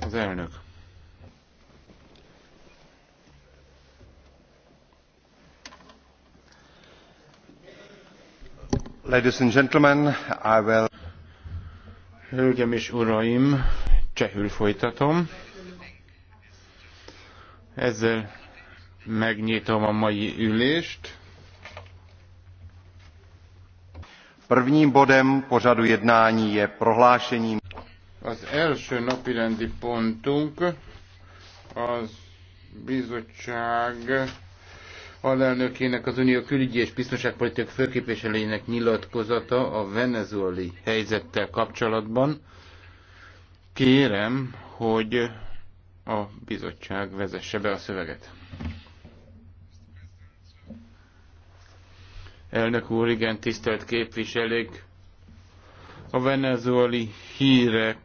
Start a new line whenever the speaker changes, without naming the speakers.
Az elnök.
Ladies and gentlemen, I will... Hölgyem és uraim, csehül folytatom. Ezzel
megnyitom a mai ülést.
Prvním bodem pořadu jednání je prohlášení.
Az első napirendi pontunk az bizottság alelnökének, az Unió külügyi és biztonságpolitikai főképviselőjének nyilatkozata a venezueli helyzettel kapcsolatban. Kérem, hogy a bizottság vezesse be a szöveget. Elnök úr, igen, tisztelt képviselők! A venezueli hírek